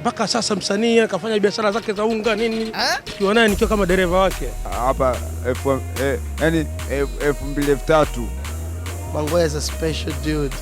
mpaka sasa msanii akafanya biashara zake za unga nini, ukiwa naye nikiwa kama dereva wake hapa elfu mbili elfu tatu Bangweza special dude.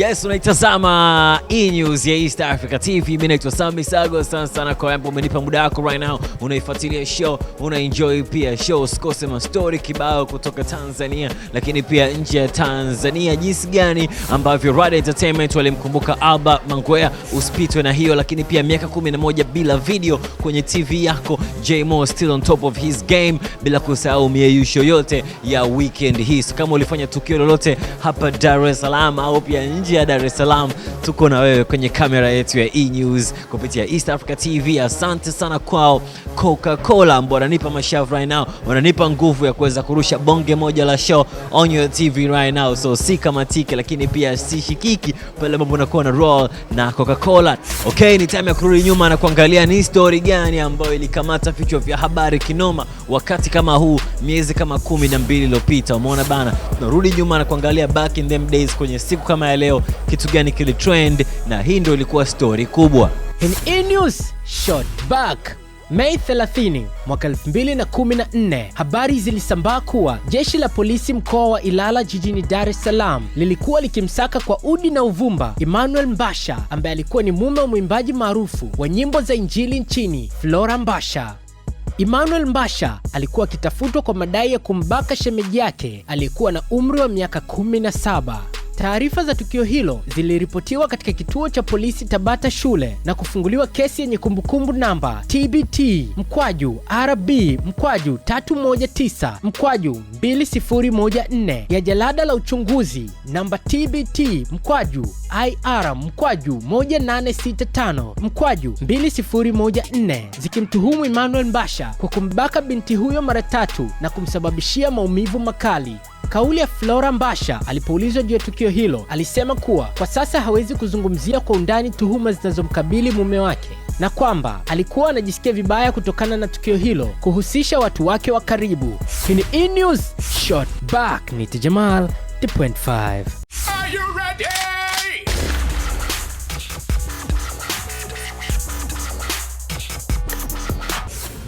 Yes, unaitazama E-News ya East Africa TV. Mimi naitwa Sami Sago. Asante sana kwa kwamba umenipa muda wako right now, unaifuatilia show, enjoy pia show. Usikose mastori kibao kutoka Tanzania, lakini pia nje ya Tanzania, jinsi gani ambavyo Rada Entertainment walimkumbuka Alba Mangwea. Usipitwe na hiyo, lakini pia miaka 11 bila video kwenye TV yako. Jmo still on top of his game, bila kusahau mieyusho yote ya weekend hii. So kama ulifanya tukio lolote hapa Dar es Salaam au pia nje jiji ya Dar es Salaam. Tuko na wewe kwenye kamera yetu ya E News kupitia East Africa TV. Asante sana kwao Coca-Cola ambao wananipa mashavu right now, wananipa nguvu ya kuweza kurusha bonge moja la show on your TV right now, so si kama tiki, lakini pia si shikiki pale ambapo unakuwa na roll na Coca-Cola. Okay, ni time ya kurudi nyuma na kuangalia ni story gani ambayo ilikamata vichwa vya habari kinoma wakati kama huu miezi kama kumi na mbili iliyopita. Umeona bana, tunarudi nyuma na kuangalia back in them days kwenye siku kama ya leo leo, kitu gani kili trend, na hii ndio ilikuwa story kubwa. In e news shot back Mei 30 mwaka 2014, habari zilisambaa kuwa jeshi la polisi mkoa wa Ilala jijini Dar es Salaam lilikuwa likimsaka kwa udi na uvumba Emmanuel Mbasha ambaye alikuwa ni mume wa mwimbaji maarufu wa nyimbo za injili nchini Flora Mbasha. Emmanuel Mbasha alikuwa akitafutwa kwa madai ya kumbaka shemeji yake aliyekuwa na umri wa miaka 17. Taarifa za tukio hilo ziliripotiwa katika kituo cha polisi Tabata shule na kufunguliwa kesi yenye kumbukumbu namba TBT mkwaju RB mkwaju 319 mkwaju 2014 ya jalada la uchunguzi namba TBT mkwaju IR mkwaju 1865 mkwaju 2014 zikimtuhumu Emmanuel Mbasha kwa kumbaka binti huyo mara tatu na kumsababishia maumivu makali. Kauli ya Flora Mbasha alipoulizwa juu ya tukio tukio hilo alisema kuwa kwa sasa hawezi kuzungumzia kwa undani tuhuma zinazomkabili mume wake na kwamba alikuwa anajisikia vibaya kutokana na tukio hilo kuhusisha watu wake wa karibu. Hii ni E News Short Back, ni Jamal 2.5. 5.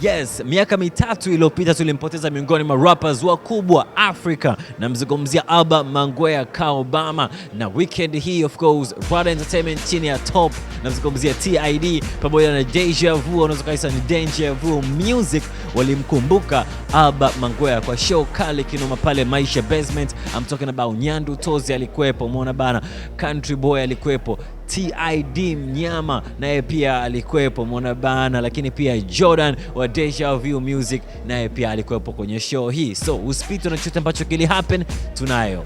Yes, miaka mitatu iliyopita tulimpoteza miongoni mwa rappers wakubwa Afrika, namzungumzia Alba Mangwea Kaobama, na weekend hii of course Rada Entertainment chini ya Top, namzungumzia TID pamoja na Deja Vu, unaweza kaisa ni Deja Vu Music, walimkumbuka Alba Mangwea kwa show kali kinoma pale Maisha Basement. I'm talking about Nyandu Tozi alikuwepo, umeona bana, Country Boy alikuwepo TID Mnyama naye pia alikuwepo bana, lakini pia Jordan wa Deja Vu Music naye pia alikuwepo kwenye show hii, so usipite na chochote ambacho kili happen, tunayo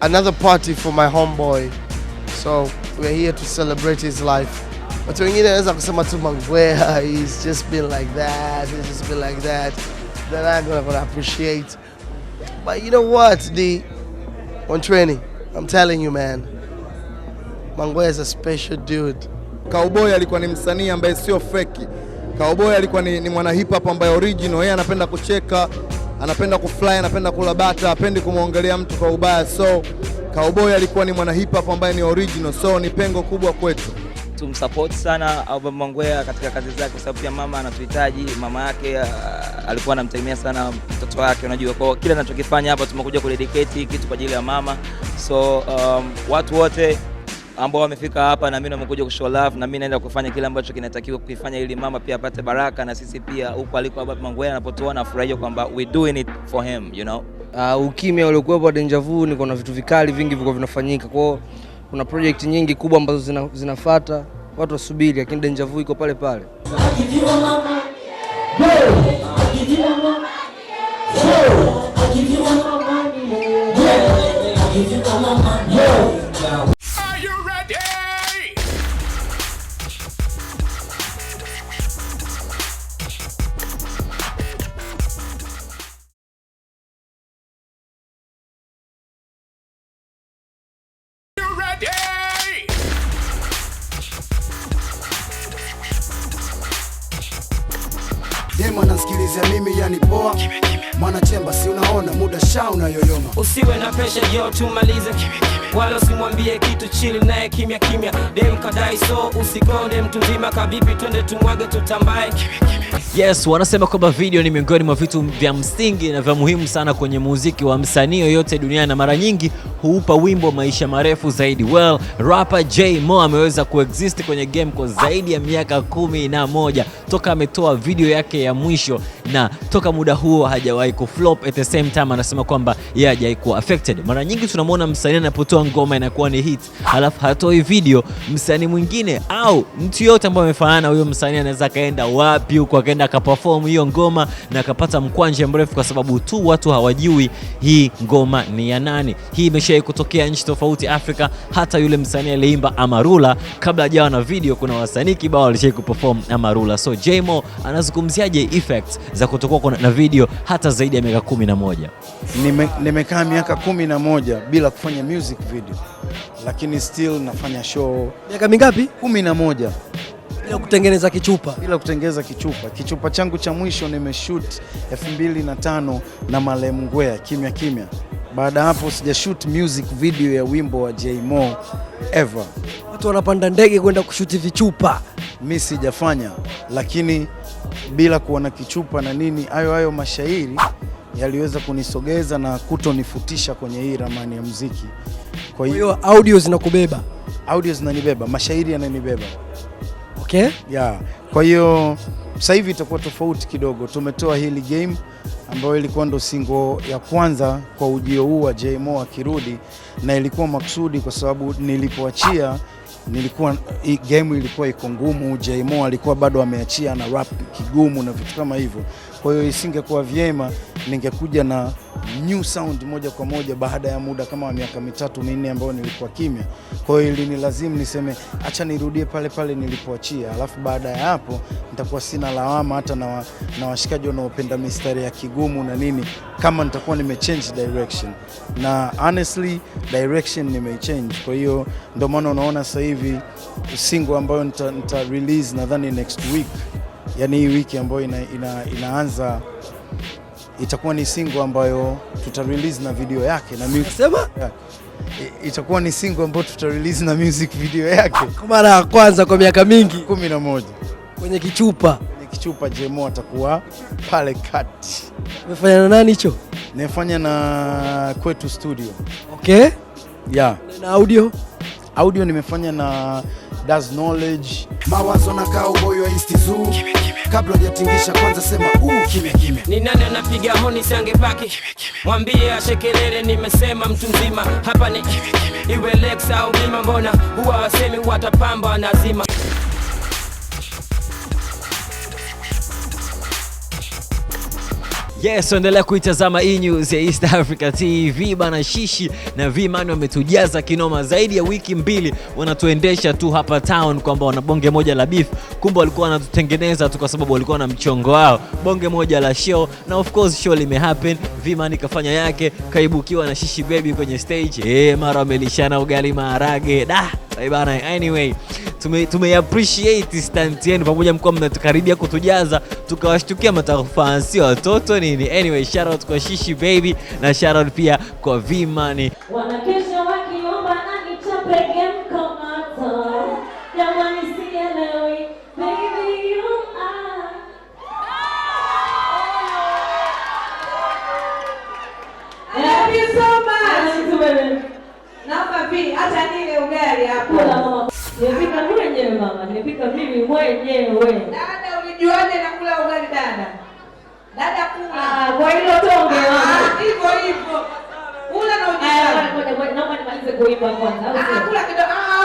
another party for my homeboy so we're here to celebrate his life Watu wengine wanaweza kusema tu Mangwea, he's just been like that, he's just been like that. Then I'm not gonna appreciate. But you know what, D? On training, I'm telling you man. Mangwea is a special dude. Cowboy alikuwa ni msanii ambaye sio fake. Cowboy alikuwa ni, ni mwana hip hop ambaye original, yeye anapenda kucheka, anapenda kufly, anapenda kula bata, hapendi kumwongelea mtu kwa ubaya. So Cowboy alikuwa ni mwana hip hop ambaye ni original, so ni pengo kubwa kwetu tumsupport sana Alban Mangwea katika kazi zake, kwa sababu pia mama anatuhitaji. Mama yake uh, alikuwa anamtegemea sana mtoto wake, unajua, kwa kila anachokifanya hapa tumekuja kudedicate kitu kwa ajili ya mama. So um, watu wote ambao wamefika hapa na mimi nimekuja kushow love, na mimi naenda kufanya kile ambacho kinatakiwa kukifanya ili mama pia apate baraka, na sisi pia huko aliko Alban Mangwea anapotuona afurahia kwamba we doing it for him you know. Uh, ukimya uliokuwepo Deja Vu, niko na vitu vikali vingi vilikuwa vinafanyika kwao kuna project nyingi kubwa ambazo zina, zinafata watu wasubiri, lakini Deja Vu iko pale pale. Nisikilize mimi yani poa mwana chemba, si unaona muda sha unayoyoma. Usiwe na pesha yo, tumalize wala usimwambie kitu, chili naye kimya kimya, dem kadai so usikonde mtu zima kabibi, twende tumwage tutambae Yes, wanasema kwamba video ni miongoni mwa vitu vya msingi na vya muhimu sana kwenye muziki wa msanii yoyote duniani na mara nyingi huupa wimbo maisha marefu zaidi. Well, rapper Jay Mo ameweza kuexist kwenye game kwa zaidi ya miaka kumi na moja toka ametoa video yake ya mwisho na toka muda huo hajawahi kuflop. At the same time anasema kwamba yeye hajawahi kuwa affected. Mara nyingi tunamwona msanii anapotoa ngoma inakuwa ni hit, alafu hatoi video, msanii mwingine au mtu yote ambaye amefanana huyo msanii anaweza akaenda wapi huko, akaenda akaperform hiyo ngoma na akapata mkwanje mrefu, kwa sababu tu watu hawajui hii ngoma ni ya nani. Hii imeshawahi kutokea nchi tofauti Afrika, hata yule msanii aliimba Amarula kabla hajawa na video, kuna wasanii kibao walishawahi kuperform Amarula. So Jaymo anazungumziaje effect za kutokuwa na video hata zaidi ya miaka kumi na moja. Nime, nimekaa miaka kumi na moja bila kufanya music video, lakini still nafanya show. Miaka mingapi? kumi na moja bila kutengeneza kichupa, bila kutengeneza kichupa. Kichupa changu cha mwisho nimeshoot 2005 na Malem Ngwea kimya kimya. Baada hapo shoot music video ya wimbo wa JMO ever. Watu wanapanda ndege kwenda kushuti vichupa, mi sijafanya, lakini bila kuwa na kichupa na nini. Hayo hayo mashairi yaliweza kunisogeza na kutonifutisha kwenye hii ramani ya muziki. Kwa hiyo audio zinakubeba? Audio zinanibeba, mashairi yananibeba. Okay. Yeah. Kwa hiyo sasa hivi itakuwa tofauti kidogo. Tumetoa hili game ambayo ilikuwa ndo single ya kwanza kwa ujio huu wa Jmo akirudi, na ilikuwa maksudi kwa sababu nilipoachia nilikuwa game ilikuwa iko ngumu. Jmo alikuwa bado ameachia na rap kigumu na vitu kama hivyo. Kwa hiyo isingekuwa vyema ningekuja na new sound moja kwa moja baada ya muda kama miaka mitatu minne ambayo nilikuwa kimya. Kwa hiyo ilinilazimu niseme acha nirudie pale pale nilipoachia, alafu baada ya hapo nitakuwa sina lawama hata na, wa, na washikaji wanaopenda mistari ya kigumu na nini, kama nitakuwa nimechange direction, na honestly direction nimechange. Kwa hiyo ndio maana unaona sasa hivi single ambayo nita, nita release nadhani next week yani hii wiki ambayo ina, ina, inaanza itakuwa ni single ambayo tuta release na video yake na music. Nasema? Itakuwa ni single ambayo tuta release na music video yake kwa mara ya kwanza kwa miaka mingi 11 kwenye kichupa kichupa Jemo atakuwa pale kati. Umefanya na nani hicho? Nimefanya na kwetu studio. Okay. Yeah. Na audio? Audio nimefanya na Das Knowledge. Mawazo na Cowboy wa Instizu. Kabla hujatingisha kwanza sema uu kime kime. Ni nani anapiga honi paki Mwambie ashekelele nimesema mtu mzima. Hapa ni iwe Lex au Mima mbona huwa wasemi watapamba wanazima. Yes, endelea kuitazama e news ya East Africa TV bana. Shishi na Vman wametujaza kinoma, zaidi ya wiki mbili wanatuendesha tu hapa town kwamba wana bonge moja la beef, kumbe walikuwa wanatutengeneza tu kwa sababu walikuwa na mchongo wao, bonge moja la show, na of course show limehappen. Vman kafanya yake, kaibukiwa na Shishi Baby kwenye stage. Eh, mara wamelishana ugali maharage da bana, anyway tumeapreciate tume appreciate yenu pamoja, mkuwa mnatukaribia kutujaza, tukawashtukia matafan, watoto nini. Anyway, shout out kwa Shishi Baby na shout out pia kwa Vimani. mama, nimepika mimi mwenyewe. Dada, ulijuaje na kula ugali dada? Dada kula. Ah, kwa hilo tonge mama. Ah, hivyo hivyo. Kula na ujiandae. Ngoja ngoja, naomba nimalize kuimba kwanza. Ah, kula kidogo. Ah,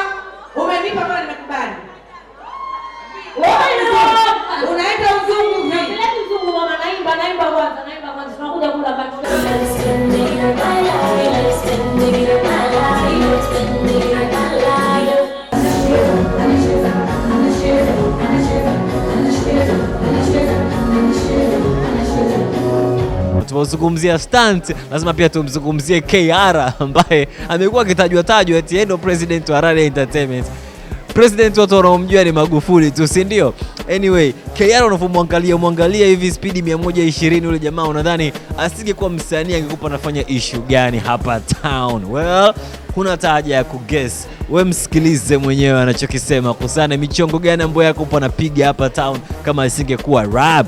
umenipa mama nimekubali. Wewe unaenda uzungu vipi? Naenda uzungu mama, naimba naimba kwanza, naimba kwanza. Tunakuja kula baadaye. Tunapozungumzia stunt lazima pia tumzungumzie KR ambaye amekuwa akitajwa tajwa eti yeye ndo president wa Rare Entertainment. President watu wanaomjua ni Magufuli tu, si ndio? Anyway, KR unavyomwangalia mwangalia hivi spidi 120 ule jamaa, unadhani asingekuwa msanii angekupa anafanya issue gani hapa town? Well, kuna taja ya kuguess, we msikilize mwenyewe anachokisema kusana michongo gani ambayo yako upo napiga hapa town kama asingekuwa rap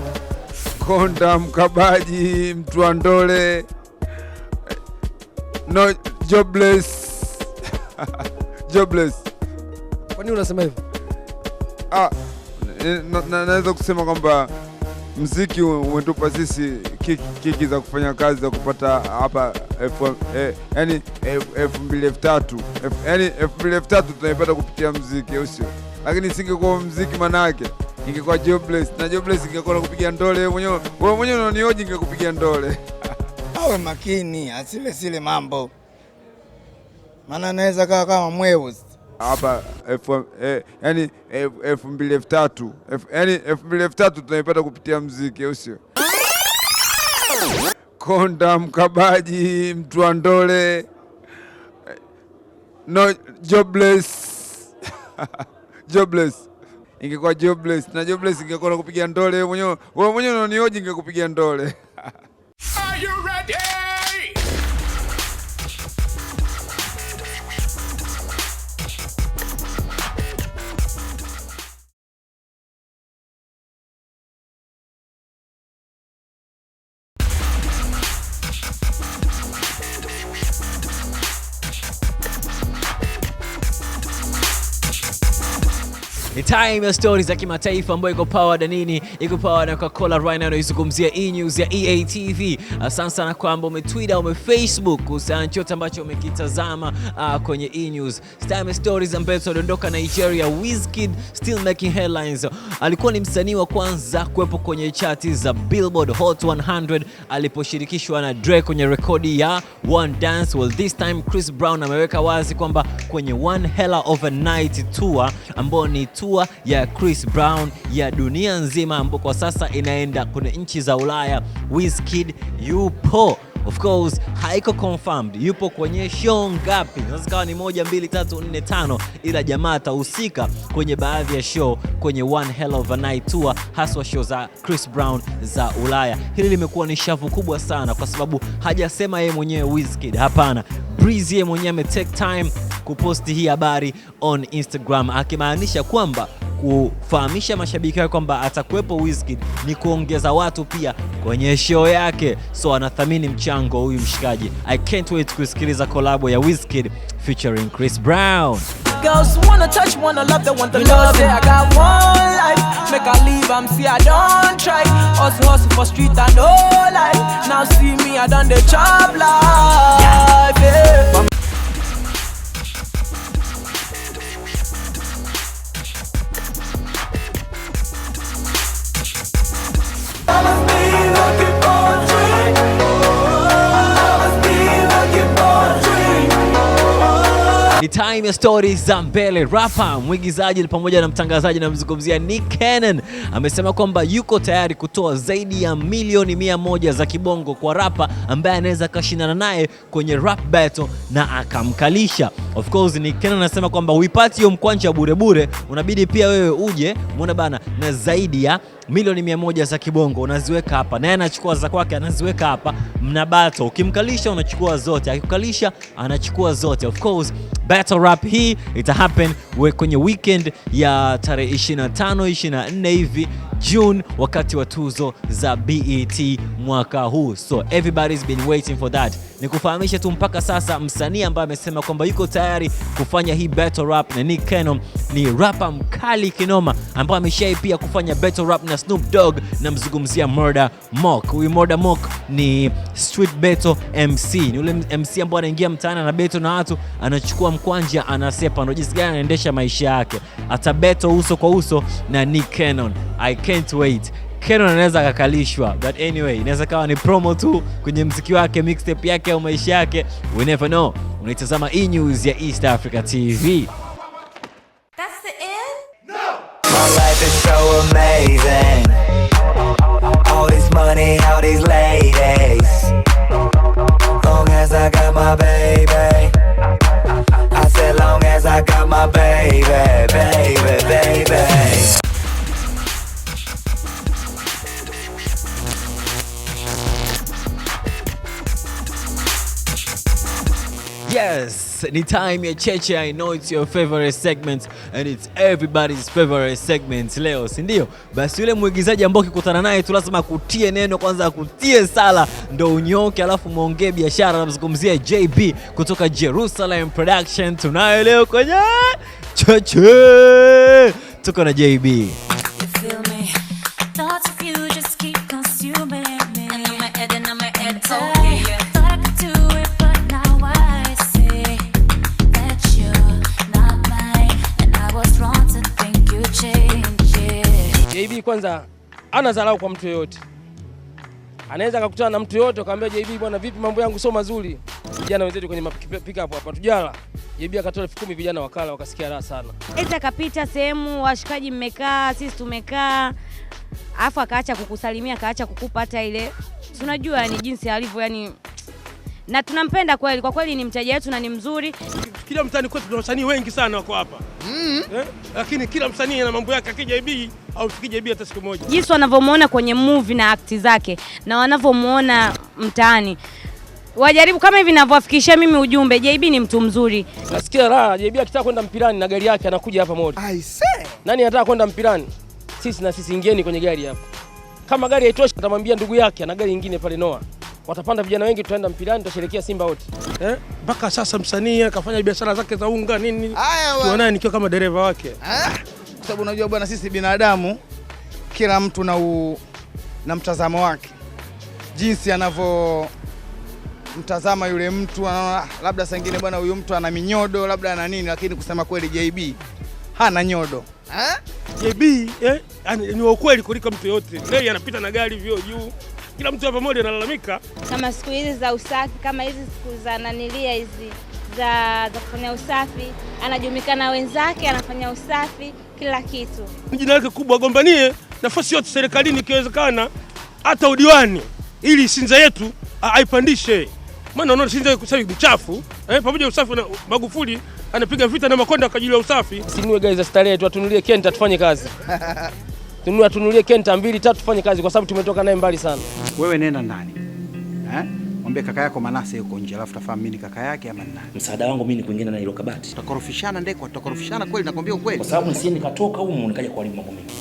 Mkonda, mkabaji, mtu wa ndole, no jobless jobless. Kwa nini unasema hivyo? Ah, naweza kusema kwamba mziki umetupa sisi kiki, kiki za kufanya kazi za kupata hapa e, yani elfu mbili elfu tatu yani elfu mbili elfu tatu tunaipata kupitia mziki, au sio? Lakini singekuwa mziki manake ingekuwa jobless na jobless ingekuwa nakupiga ndole wewe mwenyewe. Wewe mwenyewe unanioje ingekupigia ndole? Awe makini asile sile mambo, maana naweza kawa kama mwewe hapa elfu eh, yani elfu mbili elfu tatu yani elfu mbili elfu tatu tunaipata kupitia mziki, au sio? Konda, mkabaji, mtu wa ndole, no jobless jobless ingekuwa jobless na jobless ingekuwa nakupigia ndole wewe mwenyewe, wewe mwenyewe unanioje, ingekupigia ndole. Are you ready? Ni time ya stories za kimataifa ambayo iko powered na nini? Iko powered na Coca-Cola right now inaizungumzia e news ya EA TV. Asante sana kwamba umetwitter, umefacebook kuhusiana chote ambacho umekitazama uh, kwenye e news. Time ya stories ambayo tunadondoka Nigeria, Wizkid still making headlines. Alikuwa ni msanii wa kwanza kuwepo kwenye chati za Billboard Hot 100 aliposhirikishwa na Drake kwenye rekodi ya One Dance. Well, this time Chris Brown ameweka wazi kwamba kwenye One Hella of a Night tour ambao ni tour hatua ya Chris Brown ya dunia nzima, ambapo kwa sasa inaenda kwenye nchi za Ulaya. Wizkid yupo of course haiko confirmed yupo kwenye show ngapi. Sasa kawa ni moja, mbili, tatu, nne, tano, ila jamaa atahusika kwenye baadhi ya show kwenye One Hell of a Night tour, haswa show za Chris Brown za Ulaya. Hili limekuwa ni shavu kubwa sana, kwa sababu hajasema yeye mwenyewe Wizkid, hapana, Breezy yeye mwenyewe ametake time kuposti hii habari on Instagram akimaanisha kwamba kufahamisha mashabiki wake kwamba atakuwepo Wizkid ni kuongeza watu pia kwenye show yake, so anathamini mchango huyu mshikaji. I can't wait kusikiliza kolabo ya Wizkid featuring Chris Brown. Girls wanna touch, wanna love, they want the love. Say I got one life, make leave, I'm see I don't try. Hustle, hustle for street and life. Now see me, I done the job life. Yeah. time ya stori za mbele. Rapa, mwigizaji pamoja na mtangazaji, namzungumzia Nick Cannon, amesema kwamba yuko tayari kutoa zaidi ya milioni mia moja za kibongo kwa rapa ambaye anaweza akashindana naye kwenye rap battle na akamkalisha. Of course Nick Cannon anasema kwamba huipati hiyo mkwanja burebure, unabidi pia wewe uje, umeona bana, na zaidi ya milioni mia moja za kibongo unaziweka hapa, naye anachukua za kwake anaziweka hapa, mna battle. Ukimkalisha unachukua zote, akikukalisha anachukua zote. Of course battle rap hii ita happen kwenye weekend ya tarehe 25 24 hivi June wakati wa tuzo za BET mwaka huu, so everybody's been waiting for that. Nikufahamishe tu mpaka sasa msanii ambaye amesema kwamba yuko tayari kufanya hii battle rap na Nick Cannon ni rapa mkali kinoma, ambaye ameshai pia kufanya battle rap na Snoop Dogg, na mzungumzia Murder Mock. Huyu Murder Mock ni street battle MC, ni ule MC ambaye anaingia mtaani na battle na watu, anachukua mkwanja, anasepa, ndio jinsi gani anaendesha maisha yake. Ata battle uso kwa uso na Nick Cannon. I can't wait. Kenon anaweza akakalishwa, but anyway, inaweza kawa ni promo tu kwenye mziki wake, mixtape yake au maisha yake, we never know. Unaitazama E News ya East Africa TV. That's the end? No. My life is so amazing. All this money, all these ladies. Long as I got my baby. I said long as I got my baby, baby, baby. ni time ya Cheche. I know it's your favorite segment and it's everybody's favorite segment leo, si ndio? Basi yule mwigizaji ambao ukikutana naye tu lazima akutie neno kwanza, akutie sala ndo unyoke, alafu muongee biashara. Namzungumzia JB kutoka Jerusalem Production. Tunayo leo kwenye Cheche, tuko na JB. kwanza ana dharau kwa mtu yoyote, anaweza akakutana na mtu yoyote akamwambia JB, bwana vipi, mambo yangu sio mazuri. Vijana wenzetu kwenye pick up hapa tujala JB akatoa elfu kumi vijana wakala, wakasikia raha sana. Eza kapita sehemu, washikaji mmekaa, sisi tumekaa, alafu akaacha kukusalimia, akaacha kukupa hata ile, tunajua ni jinsi alivyo yani na tunampenda kweli, kwa kweli ni mteja wetu na ni mzuri. Kila mtaani kwetu kuna wasanii wengi sana wako hapa mm -hmm. eh? Lakini kila msanii ana mambo yake, akija ibii au sikija ibii hata siku moja. Jinsi wanavyomwona kwenye movie na akti zake na wanavyomwona mtaani wajaribu kama hivi ninavyowafikishia mimi ujumbe, JB ni mtu mzuri. Nasikia raha, JB akitaka kwenda mpirani na gari yake anakuja hapa moja. I say. Nani anataka kwenda mpirani? Sisi na sisi, ingieni kwenye gari hapa. Kama gari haitoshi, atamwambia ndugu yake ana gari nyingine pale Noah watapanda vijana wengi, tutaenda mpilani, tutasherekea Simba wote eh. mpaka Sasa msanii akafanya biashara zake za unga nini, tuonaye nikiwa kama dereva wake, eh? kwa sababu unajua bwana, sisi binadamu kila mtu na, u... na mtazamo wake jinsi anavyo mtazama yule mtu anaona labda saa ingine bwana, huyu mtu ana minyodo labda ana nini, lakini kusema kweli JB hana nyodo eh? JB eh, ni wa ukweli kuliko mtu yote. Leo anapita na gari vyo juu kila mtu hapa moja analalamika, kama siku hizi za usafi, kama hizi siku za nanilia hizi za, za kufanya usafi, anajumikana wenzake, anafanya usafi kila kitu. Jina lake kubwa, agombanie nafasi yote serikalini ikiwezekana, hata udiwani, ili Sinza yetu aipandishe, maana unaona Sinza sasa hivi chafu eh, pamoja usafi na Magufuli anapiga vita na Makonda kwa ajili ya usafi. Siniwe guys za starehe tu, atunulie kenta tufanye kazi tunua tunulie kenta mbili tatu, tufanye kazi, kwa sababu tumetoka naye mbali sana. Wewe nenda ndani eh, mwambie kaka yako Manase yuko nje, alafu tafahamu mimi ni kaka yake ama nani. Msaada wangu mimi ni kuingia na hilo kabati, tutakorofishana ndeko, tutakorofishana kweli, nakwambia ukweli, kwa sababu nisije nikatoka humu nikaja kuharibu mambo mengi.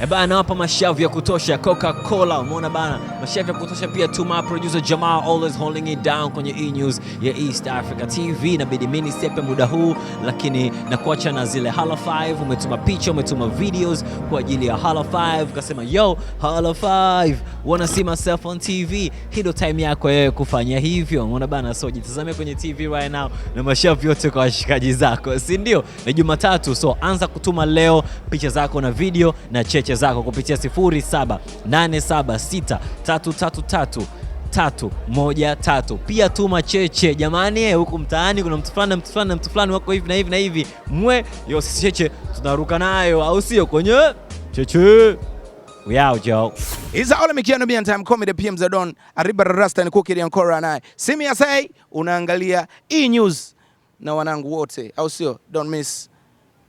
Eba eh anawapa mashavu ya kutosha Coca-Cola, umeona bana, mashavu ya kutosha pia. Tuma producer Jamaa always holding it down kwenye E News ya East Africa TV. Inabidi mimi nisepe muda huu, lakini nakuacha na zile Hala 5. Umetuma picha, umetuma videos kwa ajili ya Hala 5, ukasema yo Hala 5 wanna see myself on TV. Hilo time yako wewe kufanya hivyo, umeona bana, so jitazame kwenye TV right now na mashavu yote kwa washikaji zako, si ndio? Na Jumatatu, so anza kutuma leo picha zako na video na cheche picha zako kupitia 07876333 tatu moja tatu. Pia tuma cheche jamani, eh, huku mtaani kuna mtu fulani na mtu fulani na mtu fulani wako hivi na hivi na hivi, mwe yo sisi cheche tunaruka nayo, au sio? Kwenye cheche yao jo iza ole mikiano bia time comedy PM Zadon Ariba Rasta ni kukiri ankora naye simi ya sai, unaangalia E News na wanangu wote, au sio? Don't miss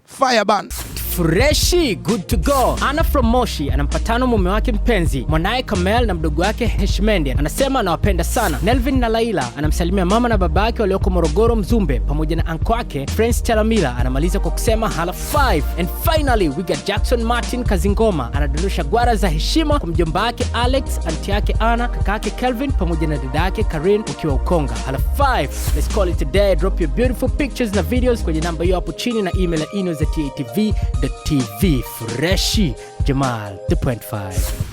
fire band freshi, good to go. Ana from Moshi ana mpatano mume wake mpenzi, mwanaye Kamel na mdogo wake Heshmendi, anasema anawapenda sana. Nelvin na Laila anamsalimia mama na baba yake walioko Morogoro Mzumbe, pamoja na anko wake Prince Chalamila. Anamaliza kwa kusema hala 5 and finally we got Jackson Martin Kazingoma. Anadondosha gwara za heshima kwa mjomba wake Alex, anti yake Ana, kaka yake Kelvin pamoja na dada yake Karin ukiwa Ukonga. Hala 5 let's call it a day. Drop your beautiful pictures na videos kwenye namba hiyo hapo chini na email ya ino za tatv TV freshi Jamal 2.5.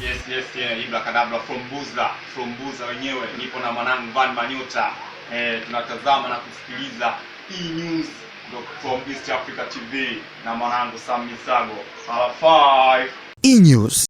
Yes, yes, yeah. Ibra Kadabra from Buza, from Buza wenyewe. Nipo na mwanangu Van Manyuta. Eh, tunatazama na kusikiliza E News from East Africa TV na mwanangu Sam Misago. Ala 5. E News